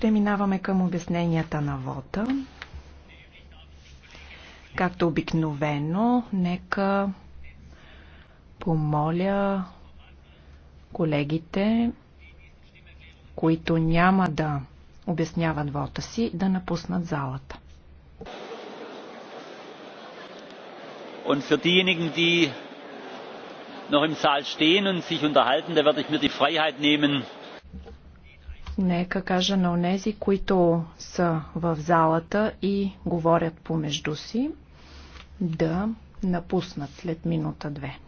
Преминаваме към обясненията на вота. Както обикновено, нека помоля колегите, които няма да обясняват вота си, да напуснат залата. Und für diejenigen, die noch im Saal stehen und sich unterhalten, da werde ich mir die Freiheit nehmen. Нека кажа на онези, които са в залата и говорят помежду си, да напуснат след минута-две.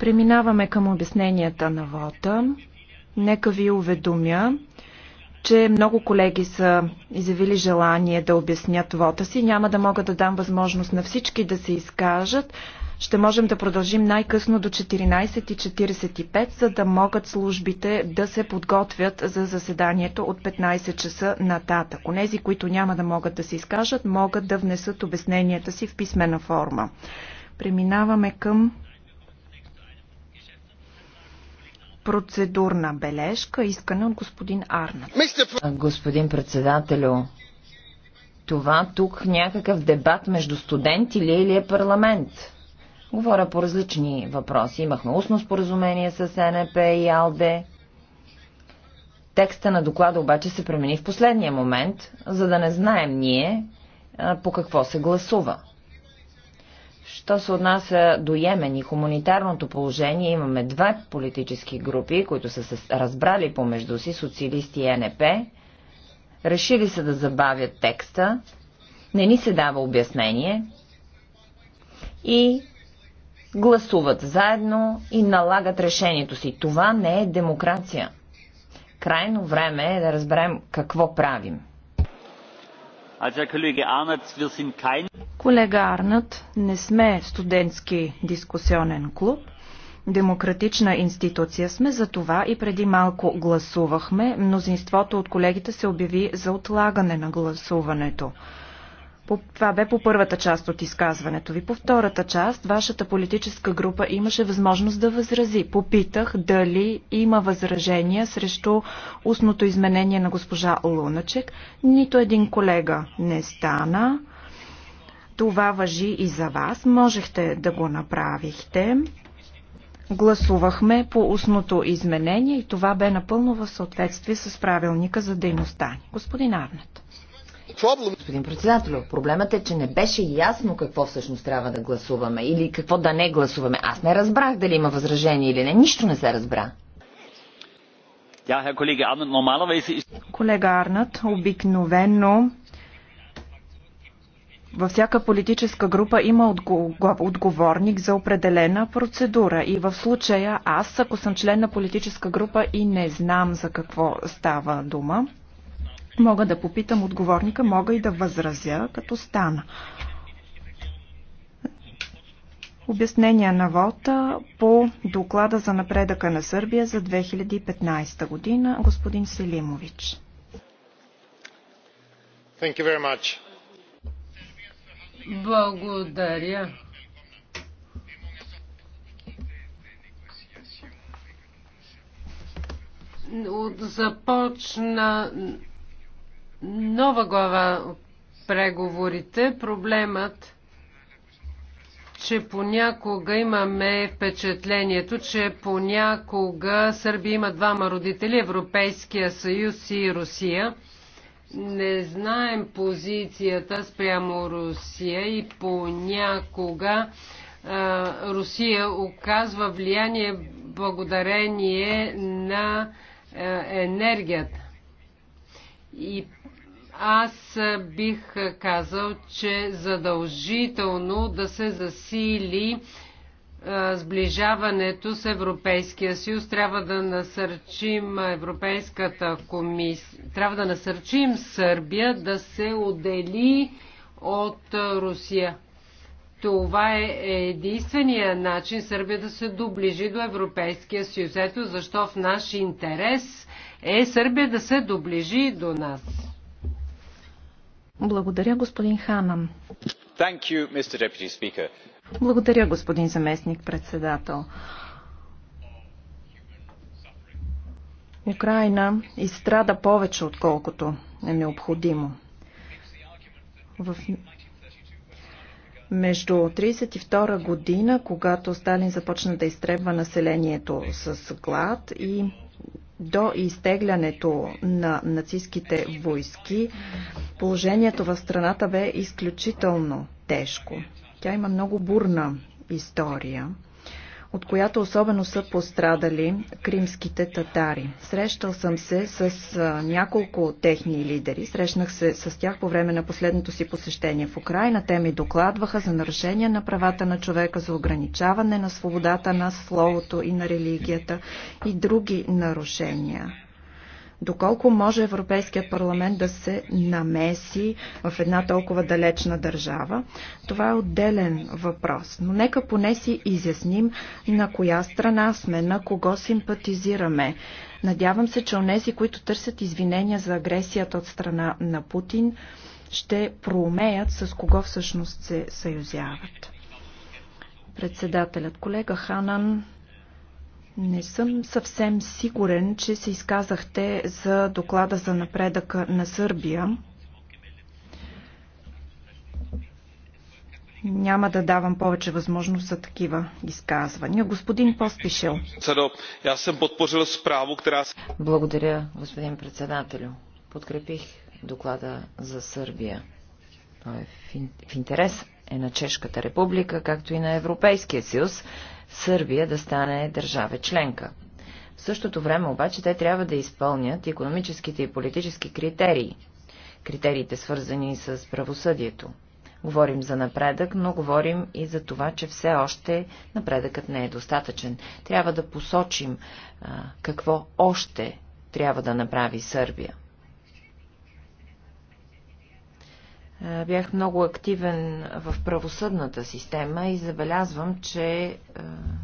Преминаваме към обясненията на вота. Нека ви уведомя, че много колеги са изявили желание да обяснят вота си. Няма да мога да дам възможност на всички да се изкажат. Ще можем да продължим най-късно до 14.45, за да могат службите да се подготвят за заседанието от 15 часа нататък. Онези, които няма да могат да се изкажат, могат да внесат обясненията си в писмена форма. Преминаваме към процедурна бележка, искане от господин Арна. Господин председателю, това тук някакъв дебат между студенти ли е, или е парламент? Говоря по различни въпроси. Имахме устно споразумение с НП и АЛДЕ. Текста на доклада обаче се промени в последния момент, за да не знаем ние по какво се гласува. Що се отнася до Йемен и хуманитарното положение, имаме два политически групи, които са се разбрали помежду си, социалисти и НП. Решили са да забавят текста, не ни се дава обяснение и гласуват заедно и налагат решението си. Това не е демокрация. Крайно време е да разберем какво правим. Колега Арнат, не сме студентски дискусионен клуб. Демократична институция сме, за това и преди малко гласувахме. Мнозинството от колегите се обяви за отлагане на гласуването. Това бе по първата част от изказването ви. По втората част, вашата политическа група имаше възможност да възрази. Попитах дали има възражения срещу устното изменение на госпожа Луначек. Нито един колега не стана. Това въжи и за вас. Можехте да го направихте. Гласувахме по устното изменение и това бе напълно в съответствие с правилника за дейността. Господин Арнет. Господин председател, проблемът е, че не беше ясно какво всъщност трябва да гласуваме или какво да не гласуваме. Аз не разбрах дали има възражение или не. Нищо не се разбра. Колега Арнат, обикновено във всяка политическа група има отговорник за определена процедура. И в случая аз, ако съм член на политическа група и не знам за какво става дума, Мога да попитам отговорника, мога и да възразя, като стана. Обяснение на вота по доклада за напредъка на Сърбия за 2015 година. Господин Селимович. Thank you very much. Благодаря. Започна нова глава от преговорите. Проблемът, че понякога имаме впечатлението, че понякога Сърбия има двама родители, Европейския съюз и Русия. Не знаем позицията спрямо Русия и понякога а, Русия оказва влияние благодарение на а, енергията. И аз бих казал, че задължително да се засили сближаването с Европейския съюз. Трябва да насърчим Европейската комисия. Трябва да насърчим Сърбия да се отдели от Русия. Това е единствения начин Сърбия да се доближи до Европейския съюз. Ето защо в наш интерес е Сърбия да се доближи до нас. Благодаря, господин Ханан. You, Благодаря, господин заместник председател. Украина изстрада повече, отколкото е необходимо. В... Между 1932 година, когато Сталин започна да изтребва населението с глад и до изтеглянето на нацистските войски положението в страната бе изключително тежко. Тя има много бурна история от която особено са пострадали кримските татари. Срещал съм се с няколко техни лидери. Срещнах се с тях по време на последното си посещение в Украина. Те ми докладваха за нарушение на правата на човека, за ограничаване на свободата на словото и на религията и други нарушения. Доколко може Европейският парламент да се намеси в една толкова далечна държава, това е отделен въпрос. Но нека поне си изясним на коя страна сме, на кого симпатизираме. Надявам се, че онези, които търсят извинения за агресията от страна на Путин, ще проумеят с кого всъщност се съюзяват. Председателят колега Ханан не съм съвсем сигурен, че се изказахте за доклада за напредъка на Сърбия. Няма да давам повече възможност за такива изказвания. Господин Поспишел. Благодаря, господин председателю. Подкрепих доклада за Сърбия. Той е в интерес е на Чешката република, както и на Европейския съюз, Сърбия да стане държава членка. В същото време обаче те трябва да изпълнят економическите и политически критерии, критериите свързани с правосъдието. Говорим за напредък, но говорим и за това, че все още напредъкът не е достатъчен. Трябва да посочим а, какво още трябва да направи Сърбия. Е, бях много активен в правосъдната система и забелязвам, че е,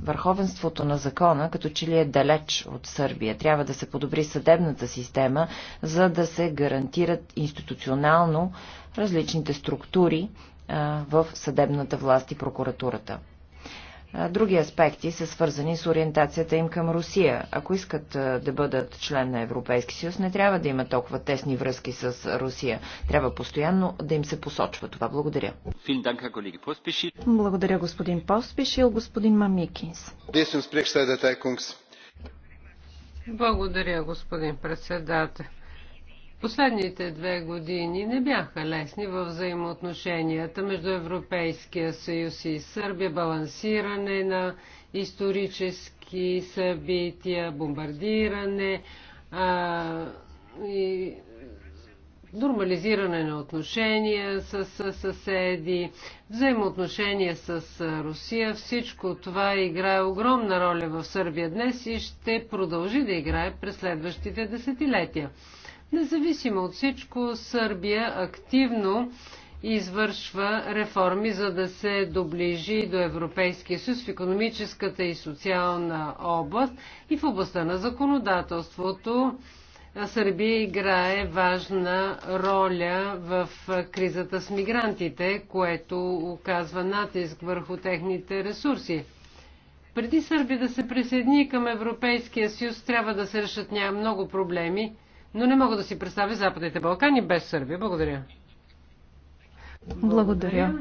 върховенството на закона като че ли е далеч от Сърбия. Трябва да се подобри съдебната система, за да се гарантират институционално различните структури е, в съдебната власт и прокуратурата. Други аспекти са свързани с ориентацията им към Русия. Ако искат да бъдат член на Европейски съюз, не трябва да имат толкова тесни връзки с Русия. Трябва постоянно да им се посочва това. Благодаря. Благодаря, господин и Господин Мамикинс. Благодаря, господин председател. Последните две години не бяха лесни в взаимоотношенията между Европейския съюз и Сърбия, балансиране на исторически събития, бомбардиране а, и нормализиране на отношения с съседи, взаимоотношения с Русия. Всичко това играе огромна роля в Сърбия днес и ще продължи да играе през следващите десетилетия. Независимо от всичко, Сърбия активно извършва реформи, за да се доближи до Европейския съюз в економическата и социална област и в областта на законодателството. Сърбия играе важна роля в кризата с мигрантите, което оказва натиск върху техните ресурси. Преди Сърбия да се присъедини към Европейския съюз, трябва да се решат няма много проблеми но не мога да си представя Западните Балкани без Сърбия. Благодаря. Благодаря.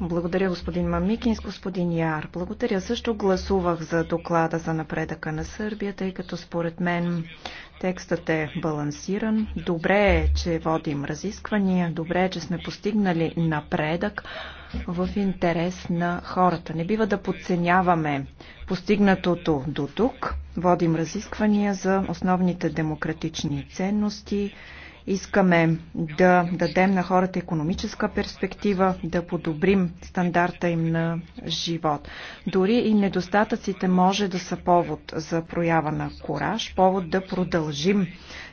Благодаря, господин Мамикин, господин Яр. Благодаря. Също гласувах за доклада за напредъка на Сърбия, тъй като според мен Текстът е балансиран. Добре е, че водим разисквания. Добре е, че сме постигнали напредък в интерес на хората. Не бива да подценяваме постигнатото до тук. Водим разисквания за основните демократични ценности Искаме да дадем на хората економическа перспектива, да подобрим стандарта им на живот. Дори и недостатъците може да са повод за проява на кораж, повод да продължим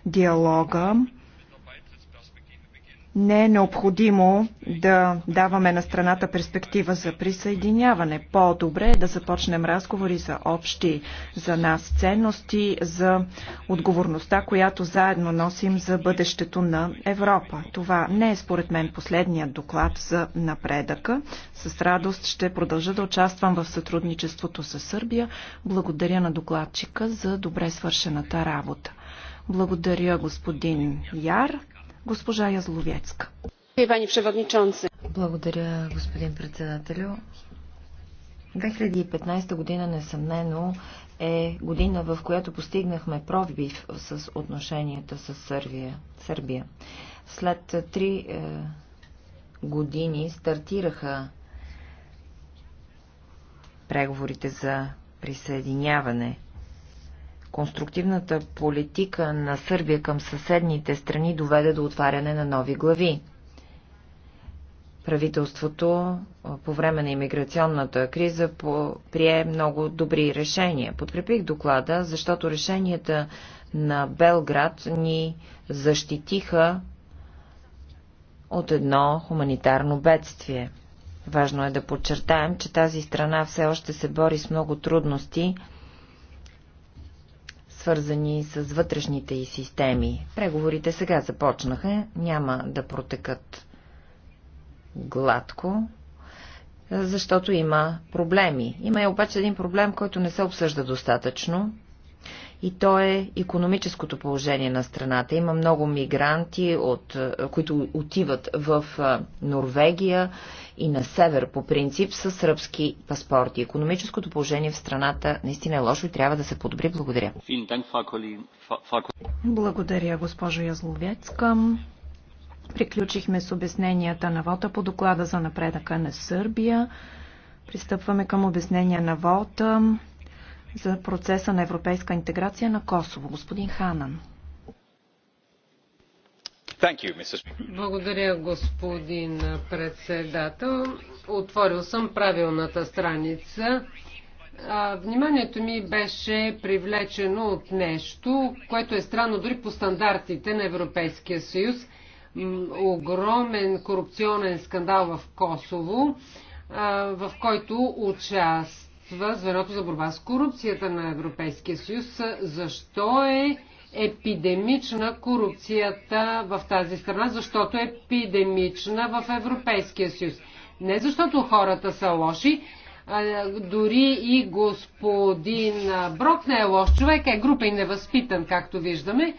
диалога не е необходимо да даваме на страната перспектива за присъединяване. По-добре е да започнем разговори за общи за нас ценности, за отговорността, която заедно носим за бъдещето на Европа. Това не е според мен последният доклад за напредъка. С радост ще продължа да участвам в сътрудничеството с Сърбия. Благодаря на докладчика за добре свършената работа. Благодаря господин Яр госпожа Язловецка. Благодаря, господин председателю. 2015 година несъмнено е година, в която постигнахме пробив с отношенията с Сърбия. Сърбия. След три е, години стартираха преговорите за присъединяване конструктивната политика на Сърбия към съседните страни доведе до отваряне на нови глави. Правителството по време на иммиграционната криза прие много добри решения. Подкрепих доклада, защото решенията на Белград ни защитиха от едно хуманитарно бедствие. Важно е да подчертаем, че тази страна все още се бори с много трудности, свързани с вътрешните и системи. Преговорите сега започнаха, няма да протекат гладко, защото има проблеми. Има и обаче един проблем, който не се обсъжда достатъчно и то е економическото положение на страната. Има много мигранти, от, които отиват в Норвегия и на север по принцип с сръбски паспорти. Економическото положение в страната наистина е лошо и трябва да се подобри. Благодаря. Благодаря, госпожо Язловецка. Приключихме с обясненията на вота по доклада за напредъка на Сърбия. Пристъпваме към обяснения на вота за процеса на европейска интеграция на Косово. Господин Ханан. Благодаря, господин председател. Отворил съм правилната страница. Вниманието ми беше привлечено от нещо, което е странно дори по стандартите на Европейския съюз. Огромен корупционен скандал в Косово, в който участва в зверото за борба с корупцията на Европейския съюз. Защо е епидемична корупцията в тази страна? Защото е епидемична в Европейския съюз. Не защото хората са лоши, а дори и господин Брок не е лош човек, е група и невъзпитан, както виждаме,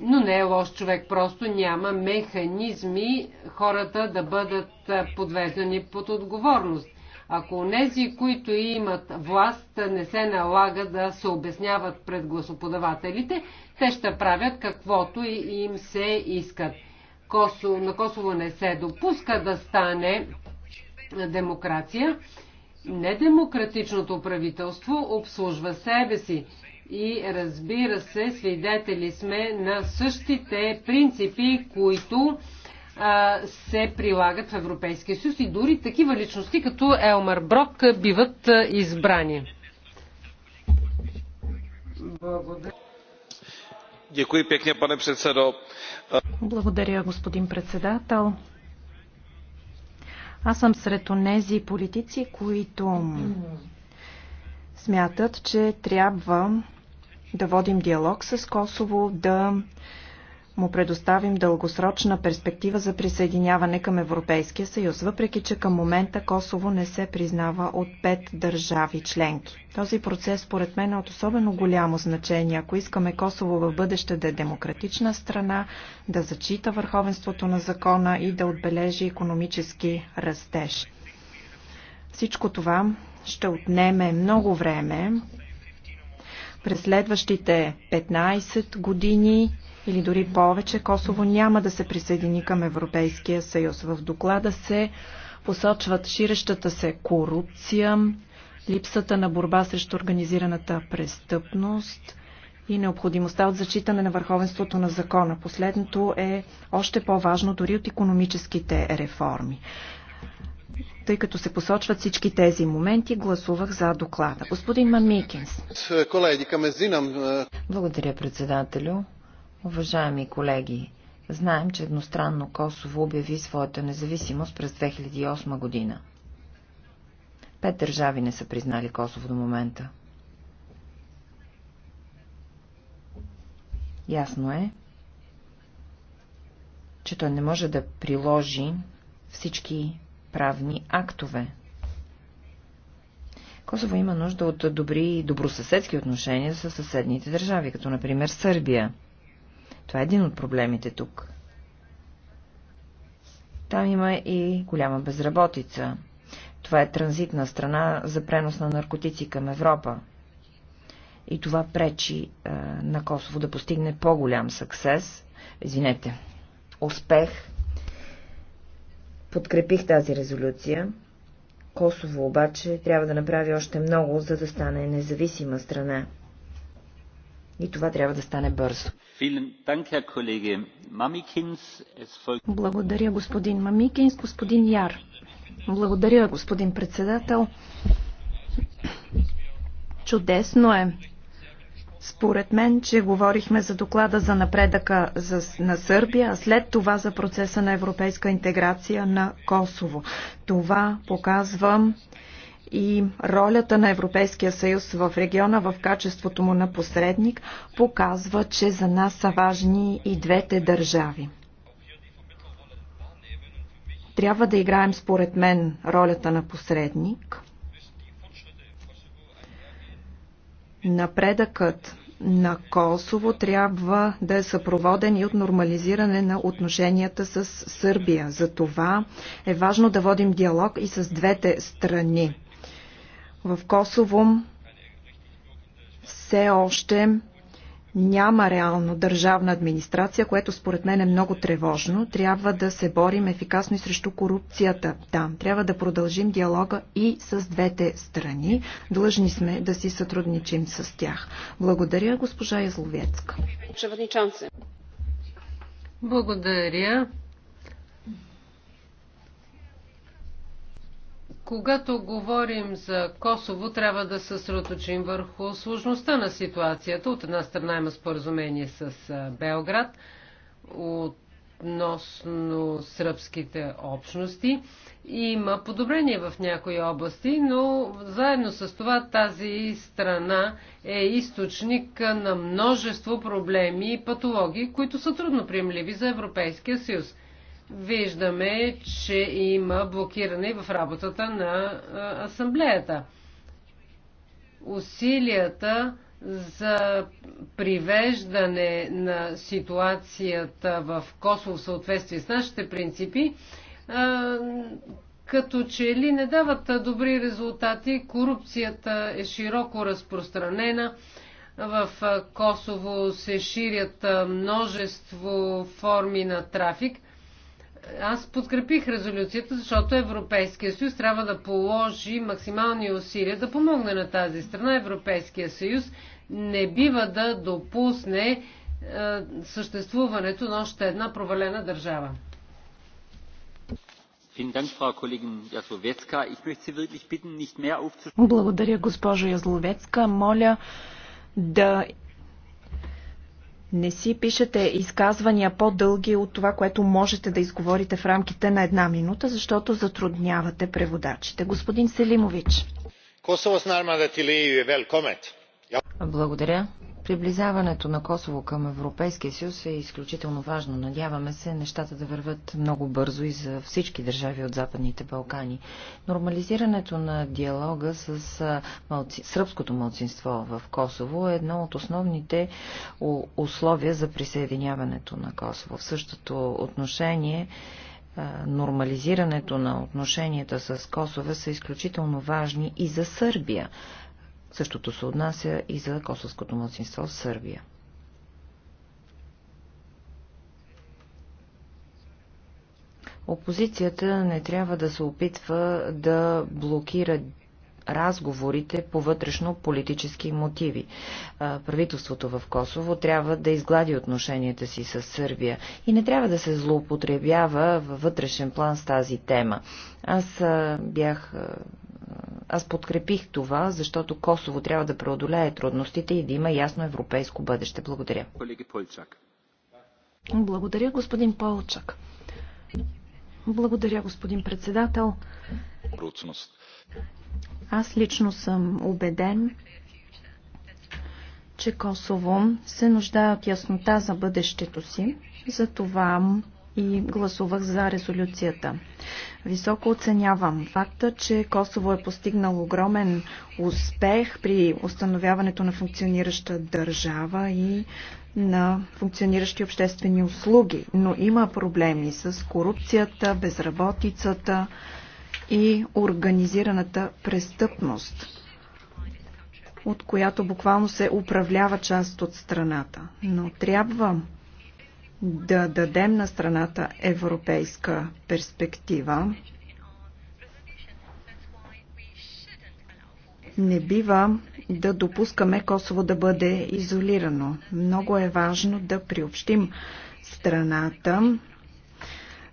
но не е лош човек, просто няма механизми хората да бъдат подведени под отговорност. Ако нези, които имат власт, не се налага да се обясняват пред гласоподавателите, те ще правят каквото и им се искат. Косо, на Косово не се допуска да стане демокрация. Недемократичното правителство обслужва себе си. И разбира се, свидетели сме на същите принципи, които се прилагат в Европейския съюз и дори такива личности като Елмар Брок биват избрани. Благодаря. Благодаря, господин председател. Аз съм сред онези политици, които смятат, че трябва да водим диалог с Косово, да му предоставим дългосрочна перспектива за присъединяване към Европейския съюз, въпреки че към момента Косово не се признава от пет държави членки. Този процес, според мен, е от особено голямо значение, ако искаме Косово в бъдеще да е демократична страна, да зачита върховенството на закона и да отбележи економически растеж. Всичко това ще отнеме много време. През следващите 15 години или дори повече, Косово няма да се присъедини към Европейския съюз. В доклада се посочват ширещата се корупция, липсата на борба срещу организираната престъпност и необходимостта от зачитане на върховенството на закона. Последното е още по-важно дори от економическите реформи. Тъй като се посочват всички тези моменти, гласувах за доклада. Господин Мамикинс. Е. Благодаря, председателю. Уважаеми колеги, знаем, че едностранно Косово обяви своята независимост през 2008 година. Пет държави не са признали Косово до момента. Ясно е, че той не може да приложи всички правни актове. Косово има нужда от добри и добросъседски отношения с съседните държави, като например Сърбия. Това е един от проблемите тук. Там има и голяма безработица. Това е транзитна страна за пренос на наркотици към Европа. И това пречи е, на Косово да постигне по-голям съксес, извинете, успех. Подкрепих тази резолюция. Косово обаче трябва да направи още много, за да стане независима страна. И това трябва да стане бързо. Благодаря, господин Мамикинс. Господин Яр. Благодаря, господин председател. Чудесно е, според мен, че говорихме за доклада за напредъка на Сърбия, а след това за процеса на европейска интеграция на Косово. Това показвам и ролята на Европейския съюз в региона в качеството му на посредник показва, че за нас са важни и двете държави. Трябва да играем според мен ролята на посредник. Напредъкът на Косово трябва да е съпроводен и от нормализиране на отношенията с Сърбия. За това е важно да водим диалог и с двете страни. В Косово все още няма реално държавна администрация, което според мен е много тревожно. Трябва да се борим ефикасно и срещу корупцията там. Да, трябва да продължим диалога и с двете страни. Длъжни сме да си сътрудничим с тях. Благодаря, госпожа Язловецка. Благодаря. Когато говорим за Косово, трябва да се съсредоточим върху сложността на ситуацията. От една страна има споразумение с Белград относно сръбските общности. Има подобрение в някои области, но заедно с това тази страна е източник на множество проблеми и патологии, които са трудно приемливи за Европейския съюз виждаме, че има блокиране в работата на асамблеята. Усилията за привеждане на ситуацията в Косово в съответствие с нашите принципи, като че ли не дават добри резултати, корупцията е широко разпространена, в Косово се ширят множество форми на трафик – аз подкрепих резолюцията, защото Европейския съюз трябва да положи максимални усилия да помогне на тази страна. Европейския съюз не бива да допусне е, съществуването на още една провалена държава. Благодаря, госпожо Язловецка. Моля да не си пишете изказвания по-дълги от това, което можете да изговорите в рамките на една минута, защото затруднявате преводачите. Господин Селимович. Е Благодаря. Приблизаването на Косово към Европейския съюз е изключително важно. Надяваме се нещата да върват много бързо и за всички държави от Западните Балкани. Нормализирането на диалога с малци... сръбското малцинство в Косово е едно от основните условия за присъединяването на Косово. В същото отношение нормализирането на отношенията с Косово са изключително важни и за Сърбия, Същото се отнася и за косовското младсинство в Сърбия. Опозицията не трябва да се опитва да блокира разговорите по вътрешно-политически мотиви. Правителството в Косово трябва да изглади отношенията си с Сърбия и не трябва да се злоупотребява във вътрешен план с тази тема. Аз бях аз подкрепих това, защото Косово трябва да преодолее трудностите и да има ясно европейско бъдеще. Благодаря. Благодаря, господин Полчак. Благодаря, господин председател. Аз лично съм убеден, че Косово се нуждае от яснота за бъдещето си. Затова и гласувах за резолюцията. Високо оценявам факта, че Косово е постигнал огромен успех при установяването на функционираща държава и на функциониращи обществени услуги, но има проблеми с корупцията, безработицата и организираната престъпност от която буквално се управлява част от страната. Но трябва да дадем на страната европейска перспектива. Не бива да допускаме Косово да бъде изолирано. Много е важно да приобщим страната,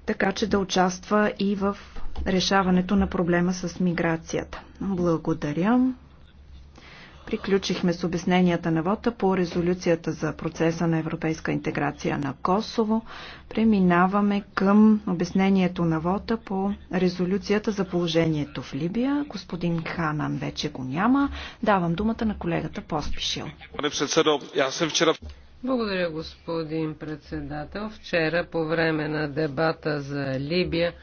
така че да участва и в решаването на проблема с миграцията. Благодаря. Приключихме с обясненията на вота по резолюцията за процеса на европейска интеграция на Косово. Преминаваме към обяснението на вота по резолюцията за положението в Либия. Господин Ханан вече го няма. Давам думата на колегата Поспишил. Благодаря, господин председател. Вчера по време на дебата за Либия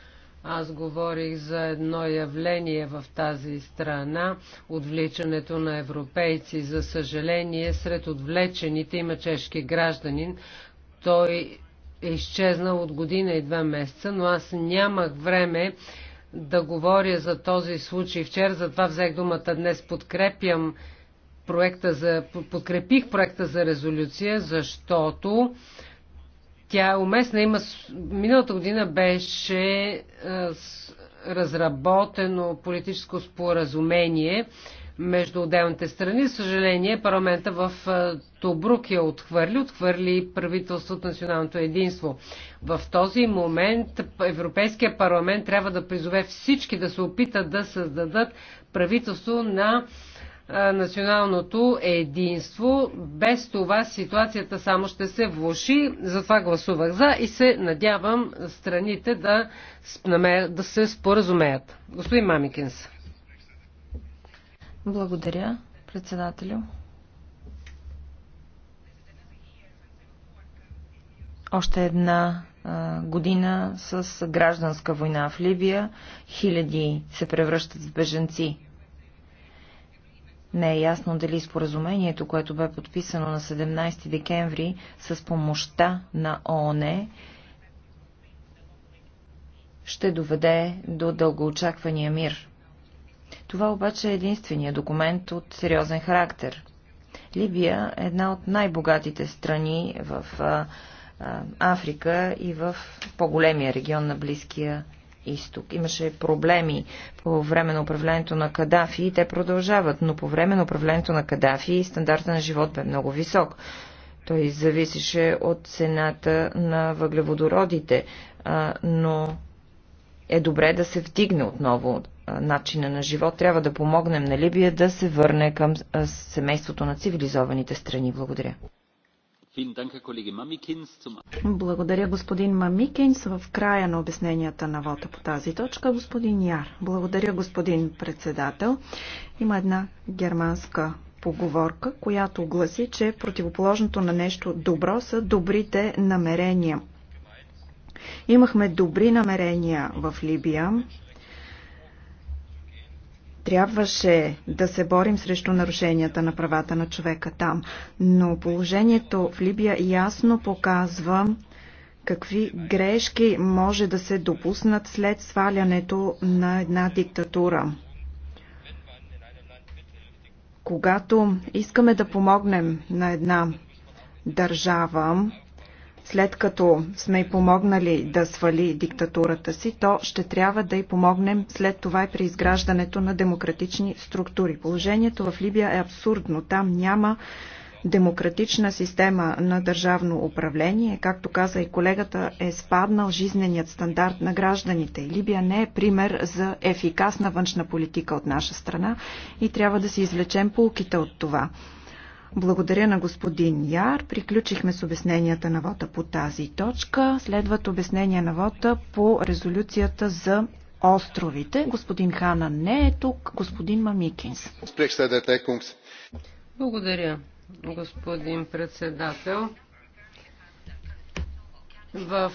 аз говорих за едно явление в тази страна, отвличането на европейци. За съжаление, сред отвлечените има чешки гражданин. Той е изчезнал от година и два месеца, но аз нямах време да говоря за този случай вчера, затова взех думата днес. Подкрепям проекта за, подкрепих проекта за резолюция, защото тя е уместна. Има, миналата година беше разработено политическо споразумение между отделните страни. Съжаление, парламента в Тобрук я отхвърли, отхвърли правителството националното единство. В този момент Европейския парламент трябва да призове всички да се опитат да създадат правителство на националното единство. Без това ситуацията само ще се влуши. Затова гласувах за и се надявам страните да, да се споразумеят. Господин Мамикинс. Благодаря, председателю. Още една година с гражданска война в Либия. Хиляди се превръщат в беженци. Не е ясно дали споразумението, което бе подписано на 17 декември с помощта на ООН, ще доведе до дългоочаквания мир. Това обаче е единствения документ от сериозен характер. Либия е една от най-богатите страни в Африка и в по-големия регион на Близкия изток. Имаше проблеми по време на управлението на Кадафи и те продължават, но по време на управлението на Кадафи стандарта на живот бе много висок. Той зависеше от цената на въглеводородите, но е добре да се вдигне отново начина на живот. Трябва да помогнем на Либия да се върне към семейството на цивилизованите страни. Благодаря. Благодаря господин Мамикинс. В края на обясненията на вота по тази точка господин Яр. Благодаря господин председател. Има една германска поговорка, която гласи, че противоположното на нещо добро са добрите намерения. Имахме добри намерения в Либия, Трябваше да се борим срещу нарушенията на правата на човека там, но положението в Либия ясно показва какви грешки може да се допуснат след свалянето на една диктатура. Когато искаме да помогнем на една държава, след като сме й помогнали да свали диктатурата си, то ще трябва да й помогнем след това и при изграждането на демократични структури. Положението в Либия е абсурдно. Там няма демократична система на държавно управление, както каза и колегата, е спаднал жизненият стандарт на гражданите. Либия не е пример за ефикасна външна политика от наша страна и трябва да си извлечем полките от това. Благодаря на господин Яр. Приключихме с обясненията на вота по тази точка. Следват обяснения на вота по резолюцията за островите. Господин Хана не е тук. Господин Мамикинс. Благодаря, господин председател. В,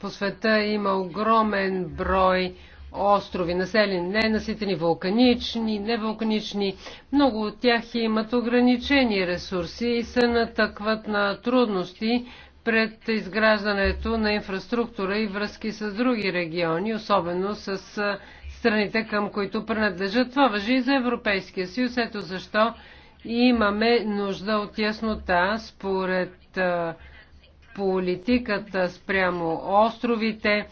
по света има огромен брой острови, населени, ненаситени, вулканични, невулканични. Много от тях имат ограничени ресурси и се натъкват на трудности пред изграждането на инфраструктура и връзки с други региони, особено с страните, към които принадлежат. Това въжи и за Европейския съюз. Ето защо имаме нужда от яснота според политиката спрямо островите,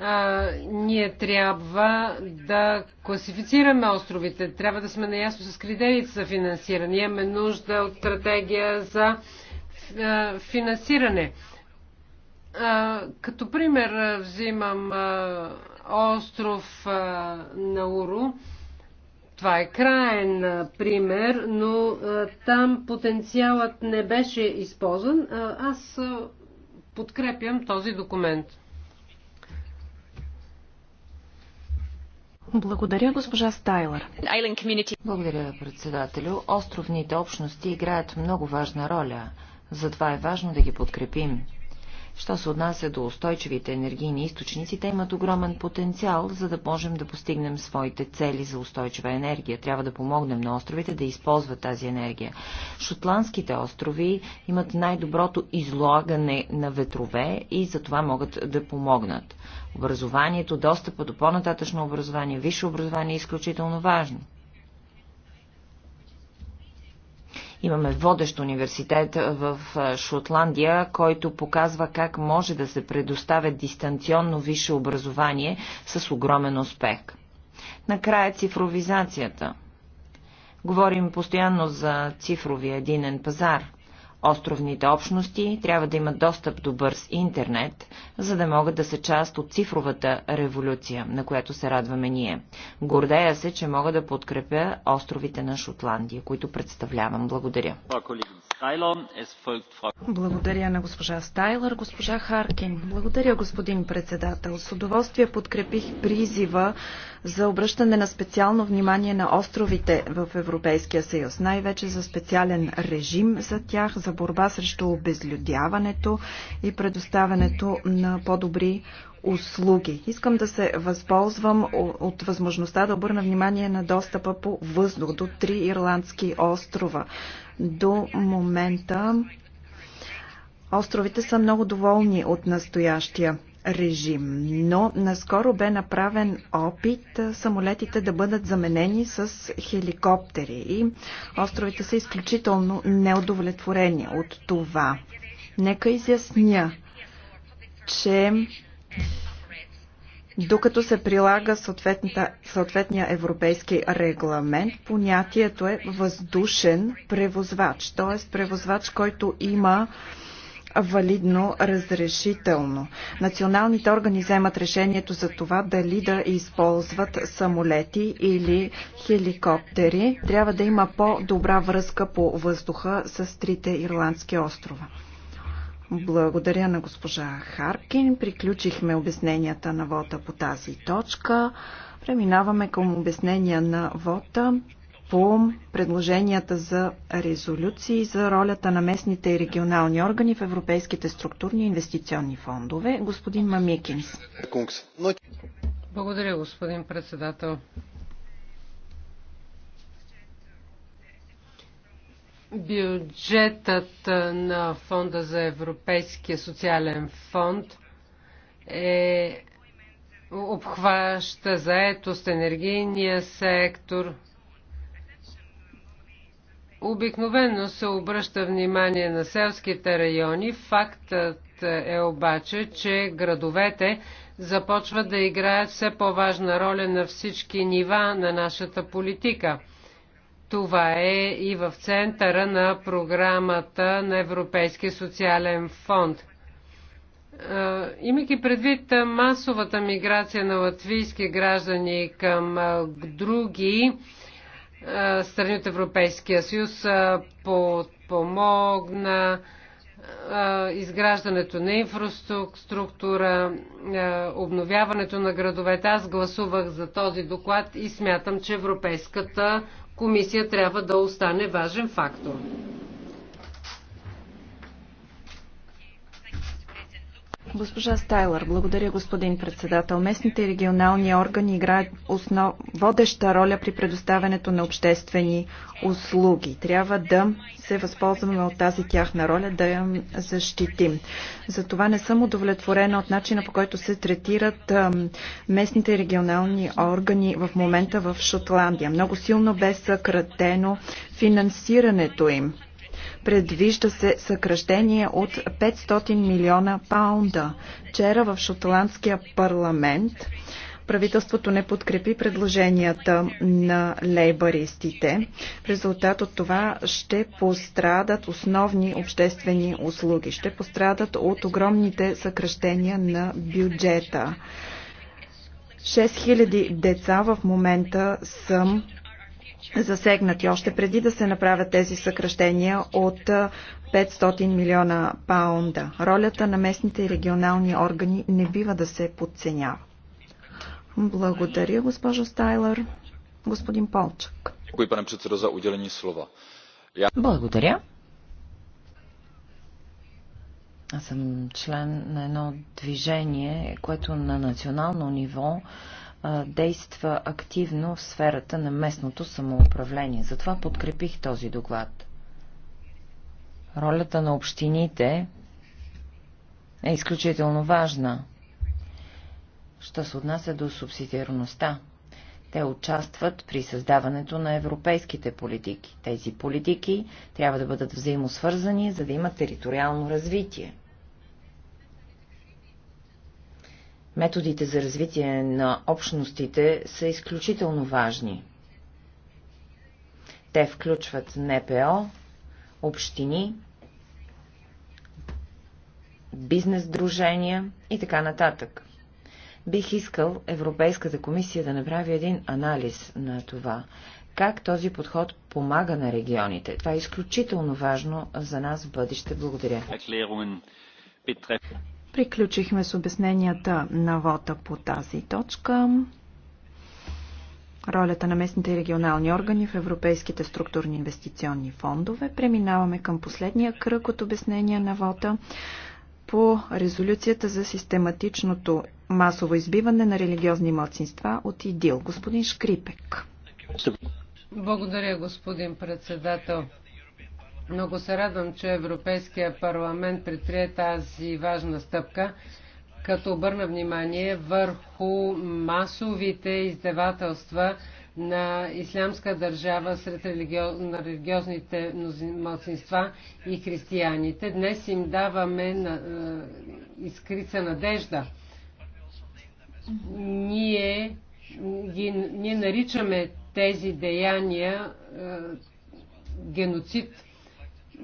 а, ние трябва да класифицираме островите. Трябва да сме наясно с критериите за финансиране. Имаме нужда от стратегия за а, финансиране. А, като пример взимам а, остров а, Науру. Това е краен пример, но а, там потенциалът не беше използван. А, аз а, подкрепям този документ. Благодаря, госпожа Стайлър. Благодаря, председателю. Островните общности играят много важна роля. Затова е важно да ги подкрепим. Що се отнася до устойчивите енергийни източници, те имат огромен потенциал, за да можем да постигнем своите цели за устойчива енергия. Трябва да помогнем на островите да използват тази енергия. Шотландските острови имат най-доброто излагане на ветрове и за това могат да помогнат. Образованието, достъпа до по-нататъчно образование, висше образование е изключително важно. Имаме водещ университет в Шотландия, който показва как може да се предоставя дистанционно висше образование с огромен успех. Накрая цифровизацията. Говорим постоянно за цифровия единен пазар – Островните общности трябва да имат достъп до бърз интернет, за да могат да са част от цифровата революция, на която се радваме ние. Гордея се, че мога да подкрепя островите на Шотландия, които представлявам. Благодаря. Благодаря на госпожа Стайлър, госпожа Харкин. Благодаря, господин председател. С удоволствие подкрепих призива за обръщане на специално внимание на островите в Европейския съюз, най-вече за специален режим за тях, за борба срещу обезлюдяването и предоставянето на по-добри услуги. Искам да се възползвам от възможността да обърна внимание на достъпа по въздух до три ирландски острова. До момента островите са много доволни от настоящия режим, но наскоро бе направен опит самолетите да бъдат заменени с хеликоптери и островите са изключително неудовлетворени от това. Нека изясня, че докато се прилага съответния европейски регламент, понятието е въздушен превозвач, т.е. превозвач, който има валидно разрешително. Националните органи вземат решението за това дали да използват самолети или хеликоптери. Трябва да има по-добра връзка по въздуха с трите ирландски острова. Благодаря на госпожа Харкин. Приключихме обясненията на вота по тази точка. Преминаваме към обяснения на вота по предложенията за резолюции за ролята на местните и регионални органи в европейските структурни инвестиционни фондове. Господин Мамикинс. Благодаря, господин председател. Бюджетът на Фонда за Европейския социален фонд е обхваща заетост, енергийния сектор, Обикновено се обръща внимание на селските райони. Фактът е обаче, че градовете започват да играят все по-важна роля на всички нива на нашата политика. Това е и в центъра на програмата на Европейския социален фонд. Имайки предвид масовата миграция на латвийски граждани към други е, страни от Европейския съюз е, помогна е, изграждането на инфраструктура, обновяването на градовете. Аз гласувах за този доклад и смятам, че Европейската комисия трябва да остане важен фактор. Госпожа Стайлър, благодаря господин председател. Местните и регионални органи играят основ... водеща роля при предоставянето на обществени услуги. Трябва да се възползваме от тази тяхна роля, да я защитим. Затова не съм удовлетворена от начина по който се третират местните и регионални органи в момента в Шотландия. Много силно бе съкратено финансирането им Предвижда се съкръщение от 500 милиона паунда. Вчера в шотландския парламент правителството не подкрепи предложенията на лейбаристите. В резултат от това ще пострадат основни обществени услуги. Ще пострадат от огромните съкръщения на бюджета. 6000 деца в момента са засегнати още преди да се направят тези съкръщения от 500 милиона паунда. Ролята на местните и регионални органи не бива да се подценява. Благодаря, госпожо Стайлер. Господин Полчак. Благодаря. Аз съм член на едно движение, което на национално ниво действа активно в сферата на местното самоуправление. Затова подкрепих този доклад. Ролята на общините е изключително важна. Що се отнася до субсидиарността? Те участват при създаването на европейските политики. Тези политики трябва да бъдат взаимосвързани, за да има териториално развитие. Методите за развитие на общностите са изключително важни. Те включват НПО, общини, бизнес дружения и така нататък. Бих искал Европейската комисия да направи един анализ на това, как този подход помага на регионите. Това е изключително важно за нас в бъдеще. Благодаря. Приключихме с обясненията на вота по тази точка. Ролята на местните и регионални органи в европейските структурни инвестиционни фондове. Преминаваме към последния кръг от обяснения на вота по резолюцията за систематичното масово избиване на религиозни младсинства от ИДИЛ. Господин Шкрипек. Благодаря, господин председател. Много се радвам, че Европейския парламент предприе тази важна стъпка, като обърна внимание върху масовите издевателства на ислямска държава сред религио... на религиозните младсинства и християните. Днес им даваме на... Е, изкрица надежда. Ние, ги... ние наричаме тези деяния е, геноцид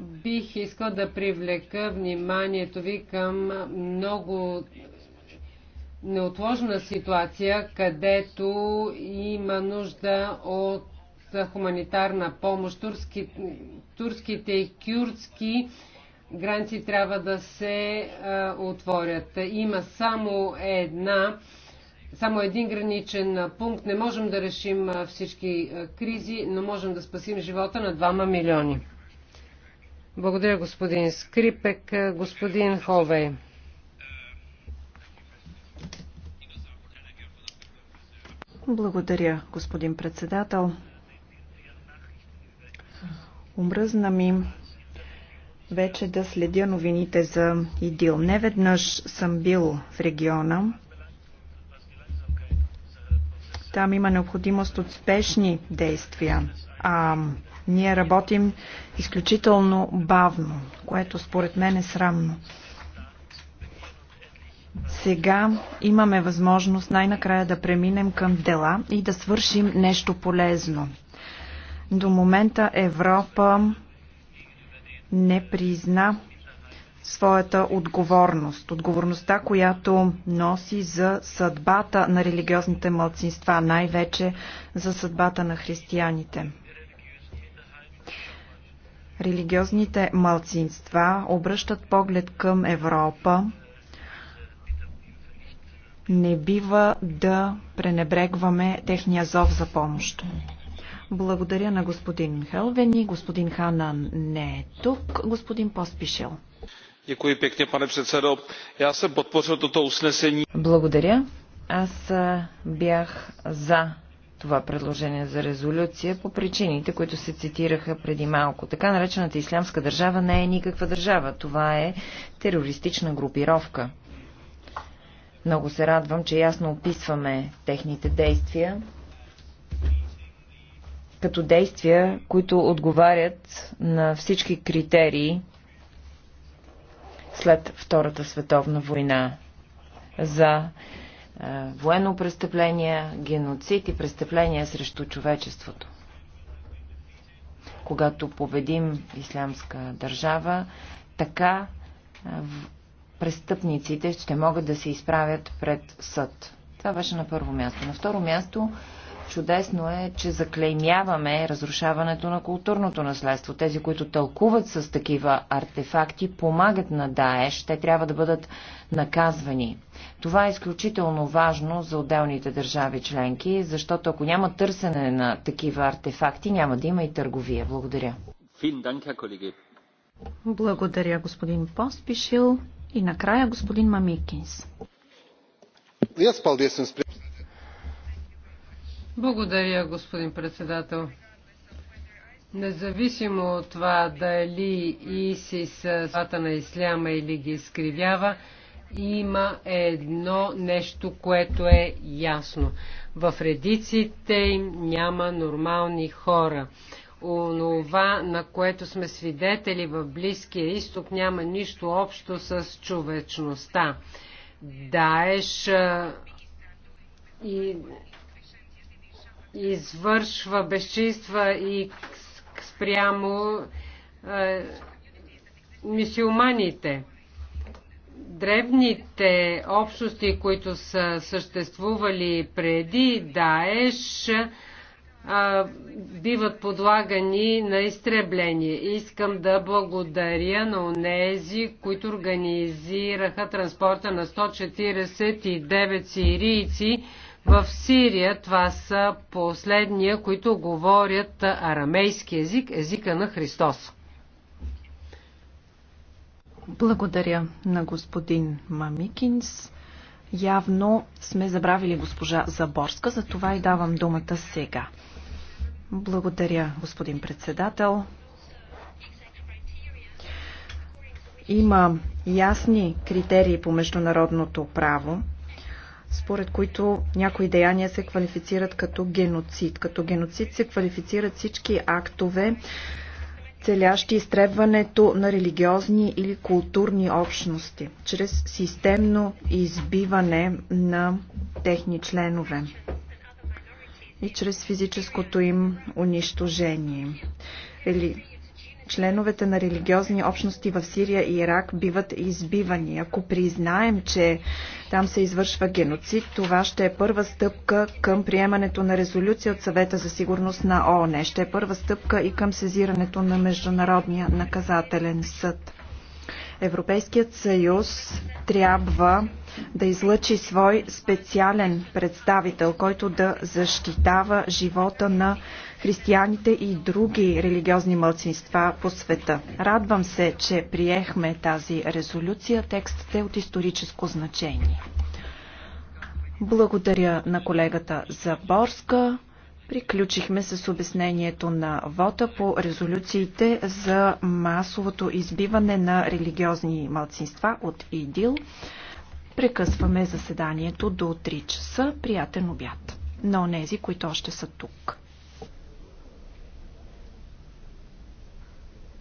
бих искал да привлека вниманието ви към много неотложна ситуация, където има нужда от хуманитарна помощ. Турски, турските и кюрдски граници трябва да се а, отворят. Има само една, само един граничен пункт. Не можем да решим всички кризи, но можем да спасим живота на двама милиони. Благодаря, господин Скрипек. Господин Ховей. Благодаря, господин председател. Умръзна ми вече да следя новините за ИДИЛ. Неведнъж съм бил в региона. Там има необходимост от спешни действия. А ние работим изключително бавно, което според мен е срамно. Сега имаме възможност най-накрая да преминем към дела и да свършим нещо полезно. До момента Европа не призна своята отговорност. Отговорността, която носи за съдбата на религиозните мълцинства, най-вече за съдбата на християните. Религиозните малцинства обръщат поглед към Европа. Не бива да пренебрегваме техния зов за помощ. Благодаря на господин Хелвени. Господин Ханан не е тук. Господин Поспишел. Благодаря. Аз бях за това предложение за резолюция по причините, които се цитираха преди малко. Така наречената Ислямска държава не е никаква държава. Това е терористична групировка. Много се радвам, че ясно описваме техните действия като действия, които отговарят на всички критерии след Втората световна война за е, военно престъпление, геноцид и престъпления срещу човечеството. Когато победим ислямска държава, така е, престъпниците ще могат да се изправят пред съд. Това беше на първо място. На второ място Чудесно е, че заклеймяваме разрушаването на културното наследство. Тези, които тълкуват с такива артефакти, помагат на Даеш. Те трябва да бъдат наказвани. Това е изключително важно за отделните държави членки, защото ако няма търсене на такива артефакти, няма да има и търговия. Благодаря. Благодаря, господин Постпишил. И накрая господин Мамикинс. Благодаря, господин председател. Независимо от това дали ИСИС свата на исляма или ги изкривява, има едно нещо, което е ясно. В редиците им няма нормални хора. Онова, на което сме свидетели в Близкия изток, няма нищо общо с човечността. Даеш и извършва безчинства и спрямо е, мисиоманите. Древните общности, които са съществували преди Даеш, е, биват подлагани на изтребление. Искам да благодаря на онези, които организираха транспорта на 149 сирийци, в Сирия това са последния, които говорят арамейски език, езика на Христос. Благодаря на господин Мамикинс. Явно сме забравили госпожа Заборска, за това и давам думата сега. Благодаря, господин председател. Има ясни критерии по международното право, според които някои деяния се квалифицират като геноцид. Като геноцид се квалифицират всички актове, целящи изтребването на религиозни или културни общности, чрез системно избиване на техни членове и чрез физическото им унищожение. Или членовете на религиозни общности в Сирия и Ирак биват избивани. Ако признаем, че там се извършва геноцид, това ще е първа стъпка към приемането на резолюция от съвета за сигурност на ООН. Ще е първа стъпка и към сезирането на Международния наказателен съд. Европейският съюз трябва да излъчи свой специален представител, който да защитава живота на християните и други религиозни мълцинства по света. Радвам се, че приехме тази резолюция. Текстът е от историческо значение. Благодаря на колегата Заборска. Приключихме с обяснението на вота по резолюциите за масовото избиване на религиозни мълцинства от ИДИЛ. Прекъсваме заседанието до 3 часа. Приятен обяд на онези, които още са тук.